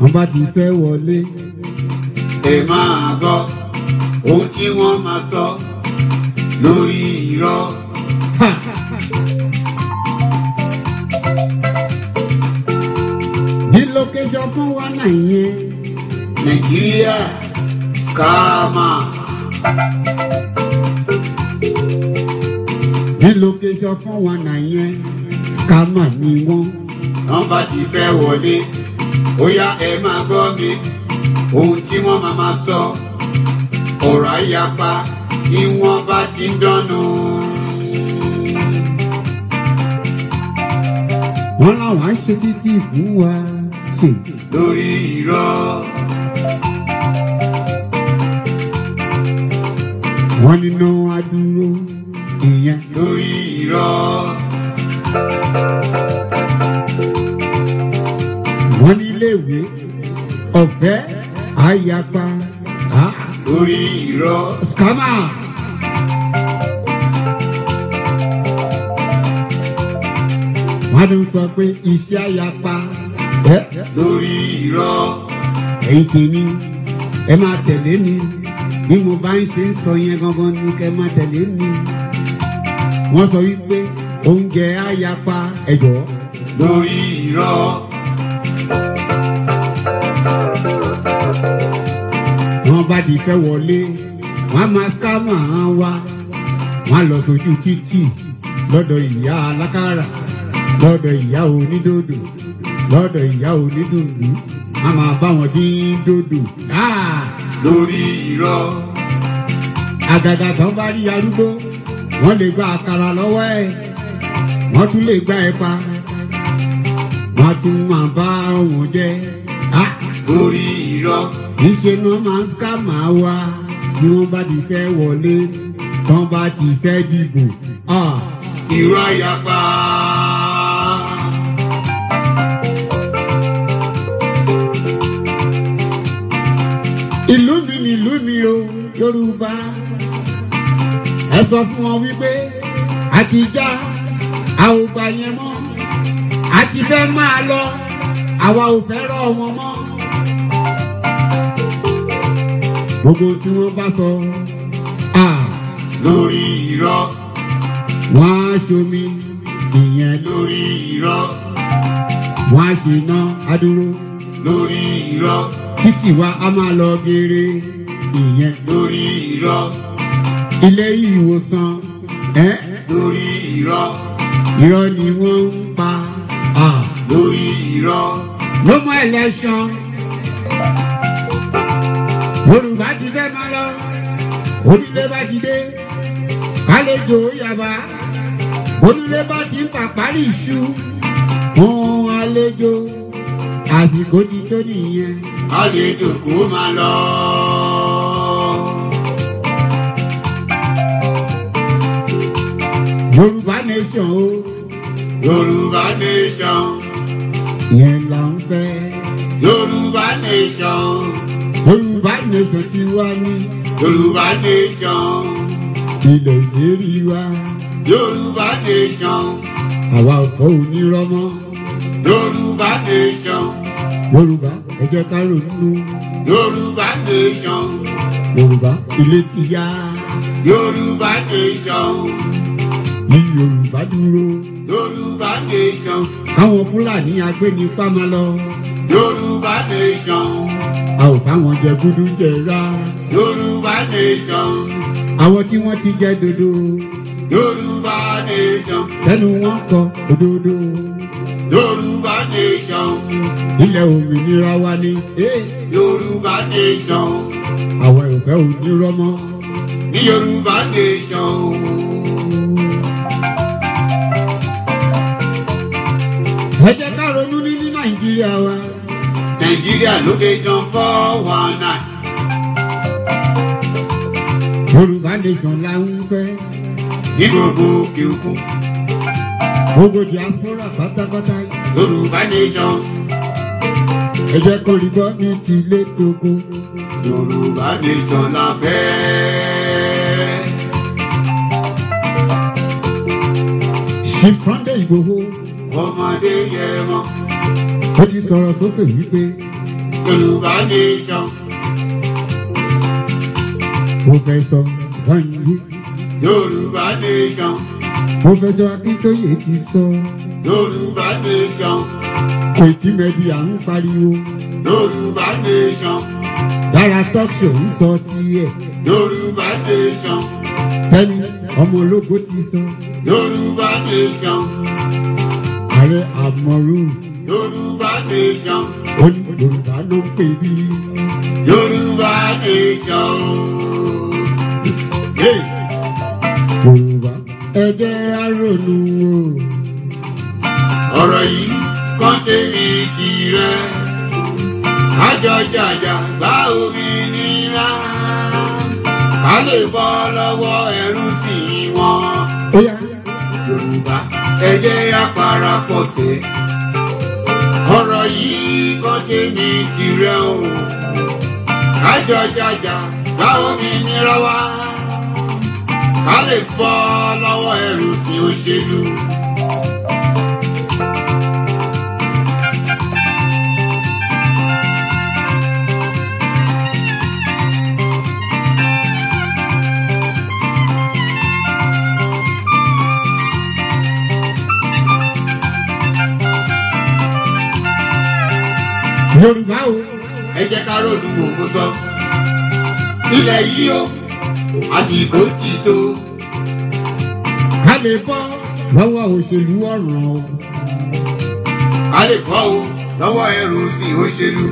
mo bá ti fẹ́ wọlé. ẹ máa gbọ́ ohun tí wọ́n máa sọ lórí irọ́. bí location fún wa náà yẹn. nàìjíríà skama. bí location fún wa náà yẹn skama ni wọ́n. wọ́n bá ti fẹ́ wọlé bóyá ẹ máa gbọ́ mi ohun tí wọ́n máa máa sọ ọ̀rọ̀ àyàpá tí wọ́n bá ti ń dánú. wọ́n láwọn á ṣe títí fún wa ṣe. lórí irọ́. wọ́n nínú adúró ìyẹn. lórí irọ́ léèwé ọ̀fẹ́ àyàpá. orí irọ́. scammer. wọ́n ti ń sọ pé iṣẹ́ àyàpá. lórí irọ́. ẹ̀yin tèmi ẹ máa tẹ̀lé mi bí mo bá ń ṣe ń sọ yẹn gangan ni kẹ́ máa tẹ̀lé mi. wọ́n sọ wípé oúnjẹ àyàpá ẹ̀jọ̀. lórí irọ́. Àdìfẹ́ wọlé wọ́n á máa ká màá wá wọ́n á lọ sójú títì lọ́dọ̀ ìyá alákàrà lọ́dọ̀ ìyá onídòdò lọ́dọ̀ ìyá onídùndú a máa bá wọn dín dòdò. lórí irọ́. àgàgà tán bá rí arúgbó wọ́n lè gba àkàrà lọ́wọ́ ẹ̀ wọ́n tún lè gba ẹ̀pà wọ́n tún máa bá wọn jẹ. lórí irọ́ níṣẹ́ ni wọ́n máa ń ká màá wá bí wọ́n bá ti fẹ́ wọlé tán bá ti fẹ́ dìbò. irọ́ yapa. ìlú mi ni ìlú mi o Yorùbá ẹ sọ fún wọn wípé a ti yẹn mọ́ a ti máa lọ àwa ò fẹ́ rọ ọmọ mọ́. gbogbo tí wọ́n bá sọ lórí irọ́ wọ́n á ṣomi ìyẹn lórí irọ́ wọ́n á ṣìná adúró lórí irọ́ títì wa á máa lọ geere ìyẹn lórí irọ́ ilé ìwòsàn ẹ lórí irọ́ irọ́ ni wọ́n ń pa lórí irọ́ no more election. Olùbá fẹ́ máa lọ, onílé bá ti dé, kálejò yàbá, onílé bá ti ń pàpárí iṣu, òun àlejò, àsìkò ti tó nìyẹn. Kálejò kó máa lọ. Yorùbá nation o. Yorùbá nation. Yẹn là ń fẹ́. Yorùbá nation. Yorùbá nation ti wá ní. Yorùbá nation. Ilẹ̀ ìlérí wa. Yorùbá nation. Àwa ọ̀kọ́ onírọ́mọ. Yorùbá nation. Yorùbá ẹ jẹ́ ká ronú. Yorùbá nation. Yorùbá ilé ti yá. Yorùbá nation. Ní Yorùbá dúró. Yorùbá nation. Káwọn Fúlàní agbénipa máa lọ. Yorùbá nation táwọn jẹgúdú jẹra. Yorùbá nation. àwọn tí wọ́n ti jẹ dodo. Yorùbá nation. tẹnu wọn kọ òdodo. Yorùbá nation. ilẹ̀ òmìnira wa ni. Yorùbá nation. àwọn ìfẹ́ òmìnira mọ́. ní Yorùbá nation. ẹ jẹ́ ká nàìjíríà lóde jan four one nine. yorùbá nation la ń fẹ́. ní gbogbo òkè òkun. gbogbo diaspora pátápátá. yorùbá nation. ẹ jẹ́ kó rí bọ́ ní tilé gbogbo. yorùbá nation la fẹ́. ṣe sunday igbòho. ọmọdé yẹ mọ́. ó ti sọ̀rọ̀ sókè wípé. Yorùbá nation. Pọfẹ́sọ̀ Banji. Yorùbá nation. Pọfẹ́sọ̀ Akintoye ti sọ. Yorùbá nation. Kèkí mẹ́díà ń pariwo. Yorùbá nation. Dára tọ́kṣọ̀ ń sọ tiẹ̀. Yorùbá nation. Tẹ́ni ọmọ ológo ti sọ. Yorùbá nation. Ààrẹ àmọ̀rú. Yorùbá nation nation. ó ní yorùbá ló ń nation. Hey, Yoruba, jẹ́ àrònú o. ọ̀rọ̀ yìí kàn tèmi tirẹ̀ àjọ jàjà gba òmìnira ká lè bọ́ lọ́wọ́ ẹrú sí wọn. yorùbá ẹ jẹ́ àparapọ̀ sí ọ̀rọ̀ yìí kan tèmi tìrẹ o kájọ jàjà báwo mi nira wá ká lè bọ́ lọ́wọ́ ẹrù fi òṣèlú. yorùbá o ẹ jẹ́ ká ròdù gbòǹgbò sọ ilẹ̀ yìí o àsìkò ti tó. ká lè bọ́ lọ́wọ́ òṣèlú ọ̀ràn o. ká lè bọ́ o lọ́wọ́ ẹrù sí òṣèlú.